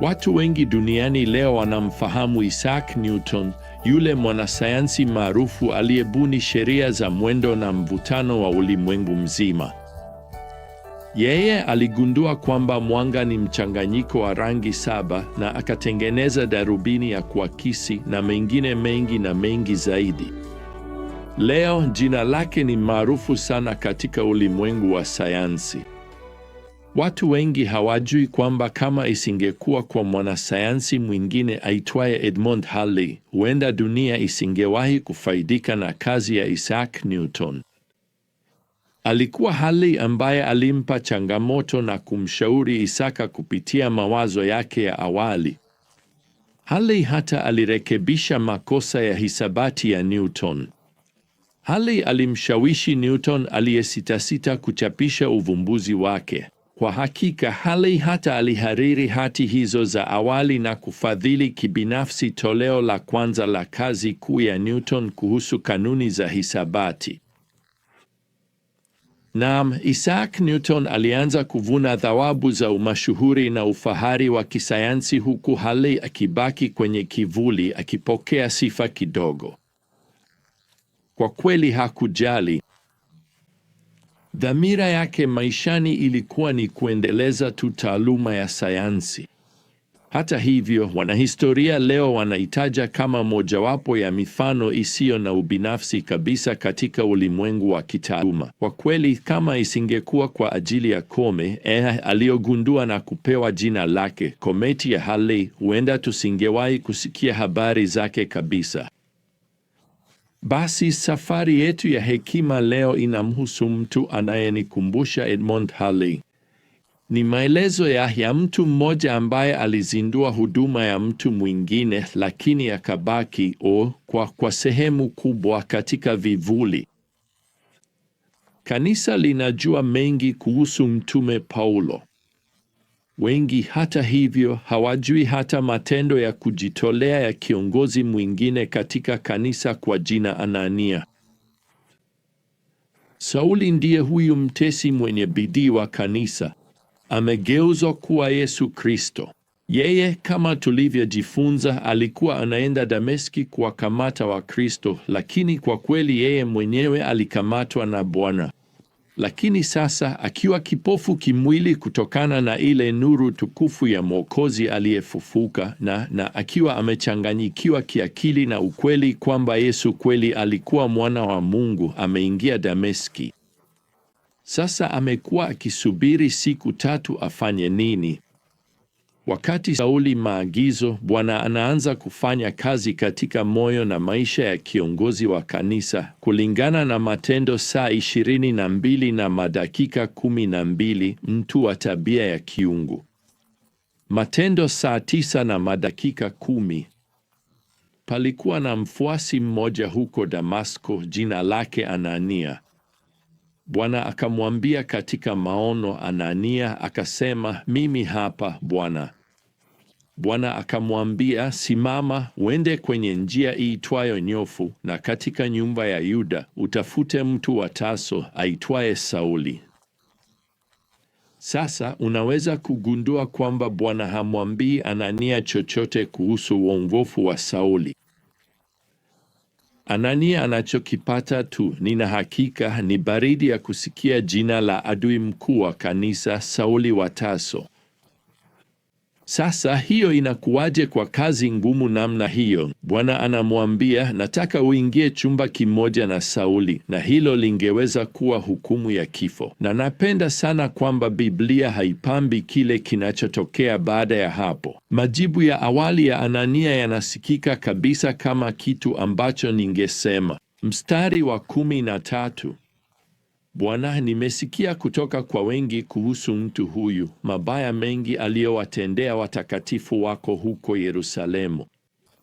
Watu wengi duniani leo wanamfahamu Isaac Newton, yule mwanasayansi maarufu aliyebuni sheria za mwendo na mvutano wa ulimwengu mzima. Yeye aligundua kwamba mwanga ni mchanganyiko wa rangi saba na akatengeneza darubini ya kuakisi na mengine mengi na mengi zaidi. Leo jina lake ni maarufu sana katika ulimwengu wa sayansi. Watu wengi hawajui kwamba kama isingekuwa kwa mwanasayansi mwingine aitwaye Edmond Halley, huenda dunia isingewahi kufaidika na kazi ya Isaac Newton. Alikuwa Halley ambaye alimpa changamoto na kumshauri Isaka kupitia mawazo yake ya awali. Halley hata alirekebisha makosa ya hisabati ya Newton. Halley alimshawishi Newton aliyesitasita kuchapisha uvumbuzi wake. Kwa hakika Halley hata alihariri hati hizo za awali na kufadhili kibinafsi toleo la kwanza la kazi kuu ya Newton kuhusu kanuni za hisabati. Naam, Isaac Newton alianza kuvuna thawabu za umashuhuri na ufahari wa kisayansi huku Halley akibaki kwenye kivuli akipokea sifa kidogo. Kwa kweli hakujali. Dhamira yake maishani ilikuwa ni kuendeleza tu taaluma ya sayansi. Hata hivyo, wanahistoria leo wanaitaja kama mojawapo ya mifano isiyo na ubinafsi kabisa katika ulimwengu wa kitaaluma. Kwa kweli, kama isingekuwa kwa ajili ya kome eh, aliyogundua na kupewa jina lake, kometi ya Halley, huenda tusingewahi kusikia habari zake kabisa. Basi safari yetu ya hekima leo inamhusu mtu anayenikumbusha Edmond Halley. Ni maelezo ya ya mtu mmoja ambaye alizindua huduma ya mtu mwingine, lakini akabaki o kwa, kwa sehemu kubwa katika vivuli. Kanisa linajua mengi kuhusu Mtume Paulo Wengi hata hivyo hawajui hata matendo ya kujitolea ya kiongozi mwingine katika kanisa kwa jina Anania. Sauli ndiye huyu mtesi mwenye bidii wa kanisa, amegeuzwa kuwa Yesu Kristo. Yeye kama tulivyojifunza, alikuwa anaenda Dameski kuwakamata Wakristo, lakini kwa kweli yeye mwenyewe alikamatwa na Bwana lakini sasa akiwa kipofu kimwili kutokana na ile nuru tukufu ya Mwokozi aliyefufuka na na akiwa amechanganyikiwa kiakili na ukweli kwamba Yesu kweli alikuwa mwana wa Mungu, ameingia Dameski. Sasa amekuwa akisubiri siku tatu afanye nini? Wakati Sauli maagizo, Bwana anaanza kufanya kazi katika moyo na maisha ya kiongozi wa kanisa kulingana na Matendo saa ishirini na mbili na madakika kumi na mbili mtu wa tabia ya kiungu. Matendo saa tisa na madakika kumi. Palikuwa na mfuasi mmoja huko Damasko, jina lake Anania. Bwana akamwambia katika maono Anania, akasema, mimi hapa Bwana. Bwana akamwambia, simama, uende kwenye njia iitwayo Nyofu, na katika nyumba ya Yuda utafute mtu wa taso aitwaye Sauli. Sasa unaweza kugundua kwamba Bwana hamwambii Anania chochote kuhusu uongofu wa Sauli. Anania anachokipata tu, nina hakika, ni baridi ya kusikia jina la adui mkuu wa kanisa, Sauli wa sasa hiyo inakuwaje kwa kazi ngumu namna hiyo? Bwana anamwambia, nataka uingie chumba kimoja na Sauli, na hilo lingeweza kuwa hukumu ya kifo. Na napenda sana kwamba Biblia haipambi kile kinachotokea baada ya hapo. Majibu ya awali ya Anania yanasikika kabisa kama kitu ambacho ningesema. Mstari wa kumi na tatu. Bwana, nimesikia kutoka kwa wengi kuhusu mtu huyu, mabaya mengi aliyowatendea watakatifu wako huko Yerusalemu.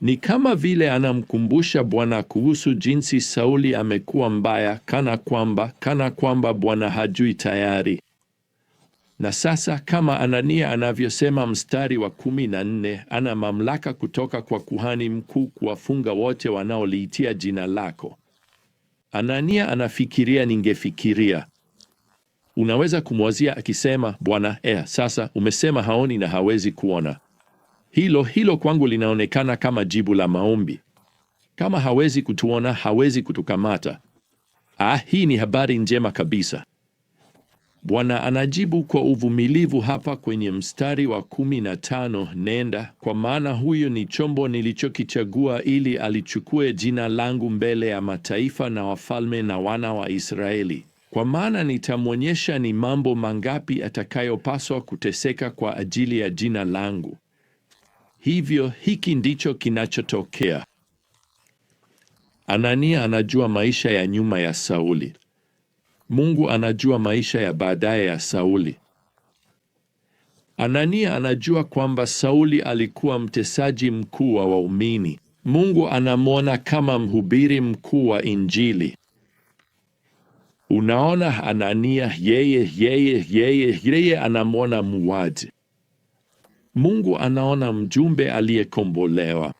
Ni kama vile anamkumbusha Bwana kuhusu jinsi Sauli amekuwa mbaya, kana kwamba kana kwamba Bwana hajui tayari. Na sasa kama Anania anavyosema mstari wa kumi na nne, ana mamlaka kutoka kwa kuhani mkuu kuwafunga wote wanaoliitia jina lako. Anania anafikiria ningefikiria. Unaweza kumwazia akisema, Bwana eh, sasa umesema haoni na hawezi kuona. Hilo hilo kwangu linaonekana kama jibu la maombi. Kama hawezi kutuona, hawezi kutukamata. Ah, hii ni habari njema kabisa. Bwana anajibu kwa uvumilivu hapa kwenye mstari wa kumi na tano, nenda kwa maana huyo ni chombo nilichokichagua ili alichukue jina langu mbele ya mataifa na wafalme na wana wa Israeli. Kwa maana nitamwonyesha ni mambo mangapi atakayopaswa kuteseka kwa ajili ya jina langu. Hivyo hiki ndicho kinachotokea. Anania anajua maisha ya nyuma ya Sauli. Mungu anajua maisha ya baadaye ya Sauli. Anania anajua kwamba Sauli alikuwa mtesaji mkuu wa waumini. Mungu anamwona kama mhubiri mkuu wa Injili. Unaona, Anania yeye yeye yeye yeye anamwona muwaji Mungu anaona mjumbe aliyekombolewa.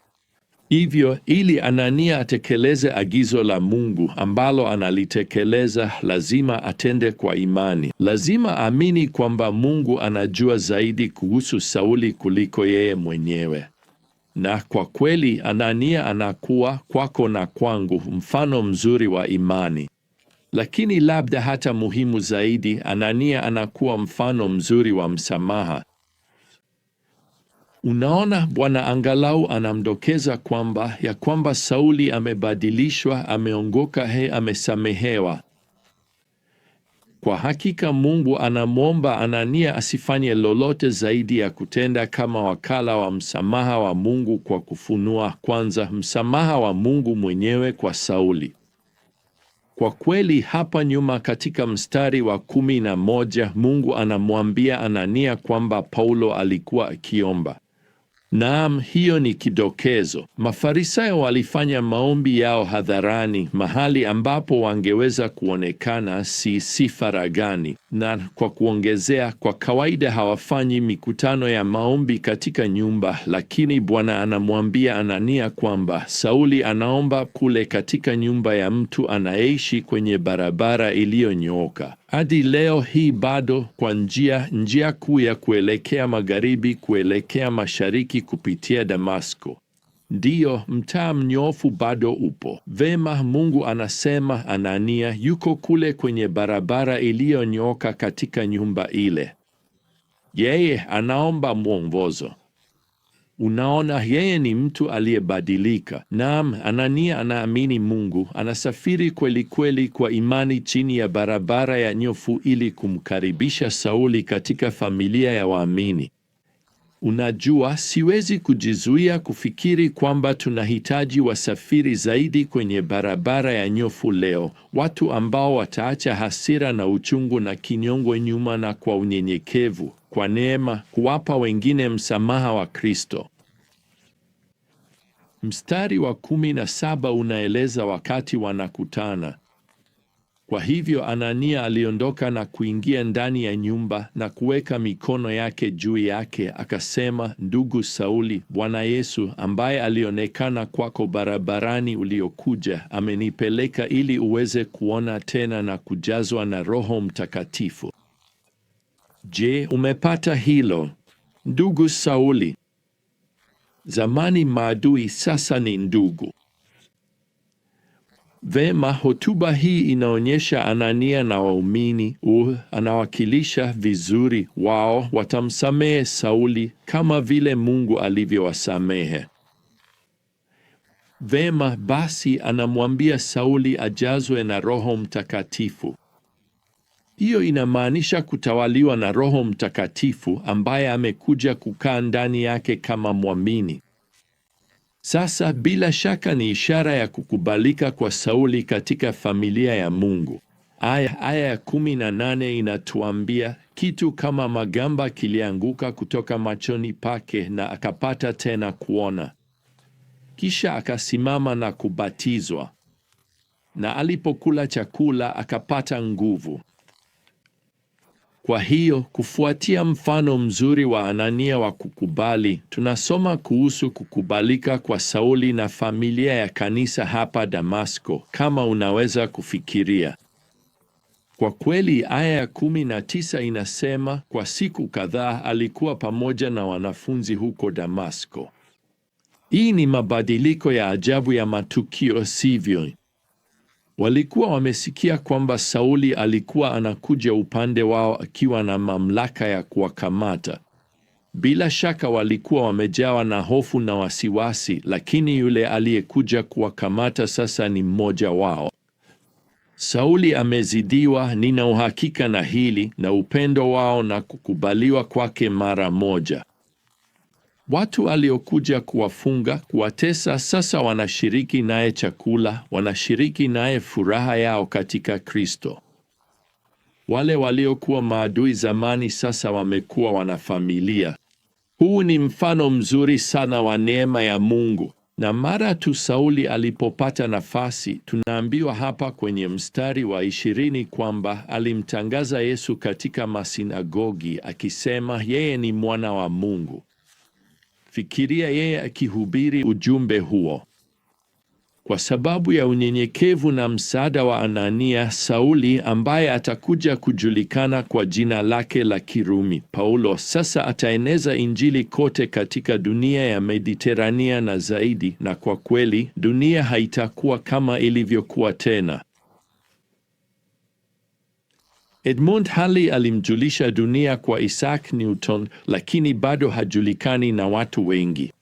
Hivyo ili Anania atekeleze agizo la Mungu ambalo analitekeleza, lazima atende kwa imani. Lazima amini kwamba Mungu anajua zaidi kuhusu Sauli kuliko yeye mwenyewe. Na kwa kweli Anania anakuwa kwako na kwangu mfano mzuri wa imani. Lakini labda hata muhimu zaidi, Anania anakuwa mfano mzuri wa msamaha. Unaona, Bwana angalau anamdokeza kwamba ya kwamba Sauli amebadilishwa, ameongoka, he, amesamehewa. Kwa hakika Mungu anamwomba Anania asifanye lolote zaidi ya kutenda kama wakala wa msamaha wa Mungu kwa kufunua kwanza msamaha wa Mungu mwenyewe kwa Sauli. Kwa kweli hapa nyuma katika mstari wa kumi na moja Mungu anamwambia Anania kwamba Paulo alikuwa akiomba Naam, hiyo ni kidokezo. Mafarisayo walifanya maombi yao hadharani, mahali ambapo wangeweza kuonekana si si faragani. Na kwa kuongezea, kwa kawaida hawafanyi mikutano ya maombi katika nyumba, lakini Bwana anamwambia Anania kwamba Sauli anaomba kule katika nyumba ya mtu anayeishi kwenye barabara iliyonyooka. Hadi leo hii bado kwa njia njia kuu ya kuelekea magharibi kuelekea mashariki kupitia Damasko. Ndiyo, mtaa mnyofu bado upo. Vema, Mungu anasema, Anania yuko kule kwenye barabara iliyonyoka katika nyumba ile. Yeye anaomba mwongozo. Unaona, yeye ni mtu aliyebadilika. Naam, Anania anaamini Mungu, anasafiri kweli kweli kwa imani chini ya barabara ya nyofu ili kumkaribisha Sauli katika familia ya waamini. Unajua, siwezi kujizuia kufikiri kwamba tunahitaji wasafiri zaidi kwenye barabara ya nyofu leo, watu ambao wataacha hasira na uchungu na kinyongo nyuma na kwa unyenyekevu, kwa neema, kuwapa wengine msamaha wa Kristo. Mstari wa kumi na saba unaeleza wakati wanakutana kwa hivyo Anania aliondoka na kuingia ndani ya nyumba na kuweka mikono yake juu yake, akasema, ndugu Sauli, Bwana Yesu ambaye alionekana kwako barabarani uliokuja, amenipeleka ili uweze kuona tena na kujazwa na Roho Mtakatifu. Je, umepata hilo, ndugu Sauli? Zamani maadui, sasa ni ndugu. Vema, hotuba hii inaonyesha Anania na waumini u anawakilisha vizuri. Wao watamsamehe Sauli kama vile Mungu alivyowasamehe. Vema, basi anamwambia Sauli ajazwe na Roho Mtakatifu. Hiyo inamaanisha kutawaliwa na Roho Mtakatifu ambaye amekuja kukaa ndani yake kama mwamini. Sasa bila shaka ni ishara ya kukubalika kwa Sauli katika familia ya Mungu. Aya, aya ya kumi na nane inatuambia kitu kama magamba kilianguka kutoka machoni pake na akapata tena kuona. Kisha akasimama na kubatizwa, na alipokula chakula akapata nguvu. Kwa hiyo kufuatia mfano mzuri wa Anania wa kukubali, tunasoma kuhusu kukubalika kwa Sauli na familia ya kanisa hapa Damasko, kama unaweza kufikiria. Kwa kweli, aya ya kumi na tisa inasema, kwa siku kadhaa alikuwa pamoja na wanafunzi huko Damasko. Hii ni mabadiliko ya ajabu ya matukio, sivyo? Walikuwa wamesikia kwamba Sauli alikuwa anakuja upande wao akiwa na mamlaka ya kuwakamata. Bila shaka walikuwa wamejawa na hofu na wasiwasi, lakini yule aliyekuja kuwakamata sasa ni mmoja wao. Sauli amezidiwa, nina uhakika na hili, na upendo wao na kukubaliwa kwake mara moja. Watu aliokuja kuwafunga, kuwatesa, sasa wanashiriki naye chakula, wanashiriki naye furaha yao katika Kristo. Wale waliokuwa maadui zamani sasa wamekuwa wanafamilia. Huu ni mfano mzuri sana wa neema ya Mungu. Na mara tu Sauli alipopata nafasi, tunaambiwa hapa kwenye mstari wa ishirini kwamba alimtangaza Yesu katika masinagogi akisema, yeye ni mwana wa Mungu. Fikiria yeye akihubiri ujumbe huo. Kwa sababu ya unyenyekevu na msaada wa Anania, Sauli ambaye atakuja kujulikana kwa jina lake la Kirumi Paulo, sasa ataeneza Injili kote katika dunia ya Mediterania na zaidi, na kwa kweli dunia haitakuwa kama ilivyokuwa tena. Edmund Halley alimjulisha dunia kwa Isaac Newton, lakini bado hajulikani na watu wengi.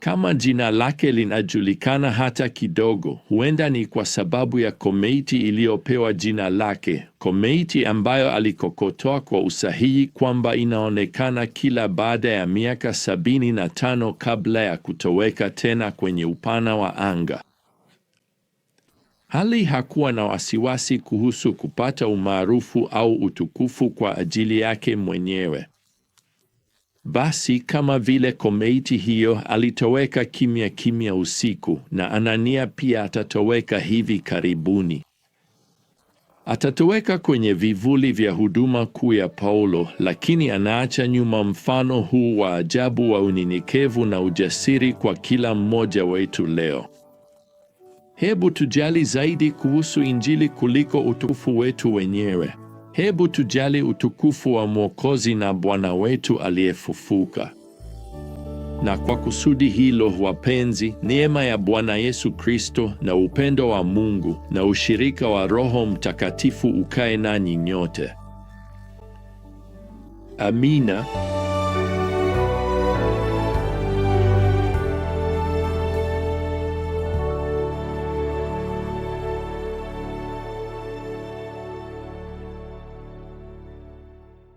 Kama jina lake linajulikana hata kidogo, huenda ni kwa sababu ya komeiti iliyopewa jina lake, komeiti ambayo alikokotoa kwa usahihi kwamba inaonekana kila baada ya miaka 75 kabla ya kutoweka tena kwenye upana wa anga. Hali hakuwa na wasiwasi kuhusu kupata umaarufu au utukufu kwa ajili yake mwenyewe. Basi kama vile komeiti hiyo, alitoweka kimya kimya usiku, na Anania pia atatoweka hivi karibuni. Atatoweka kwenye vivuli vya huduma kuu ya Paulo, lakini anaacha nyuma mfano huu wa ajabu wa unyenyekevu na ujasiri kwa kila mmoja wetu leo. Hebu tujali zaidi kuhusu Injili kuliko utukufu wetu wenyewe. Hebu tujali utukufu wa Mwokozi na Bwana wetu aliyefufuka. Na kwa kusudi hilo, wapenzi, neema ya Bwana Yesu Kristo na upendo wa Mungu na ushirika wa Roho Mtakatifu ukae nanyi nyote. Amina.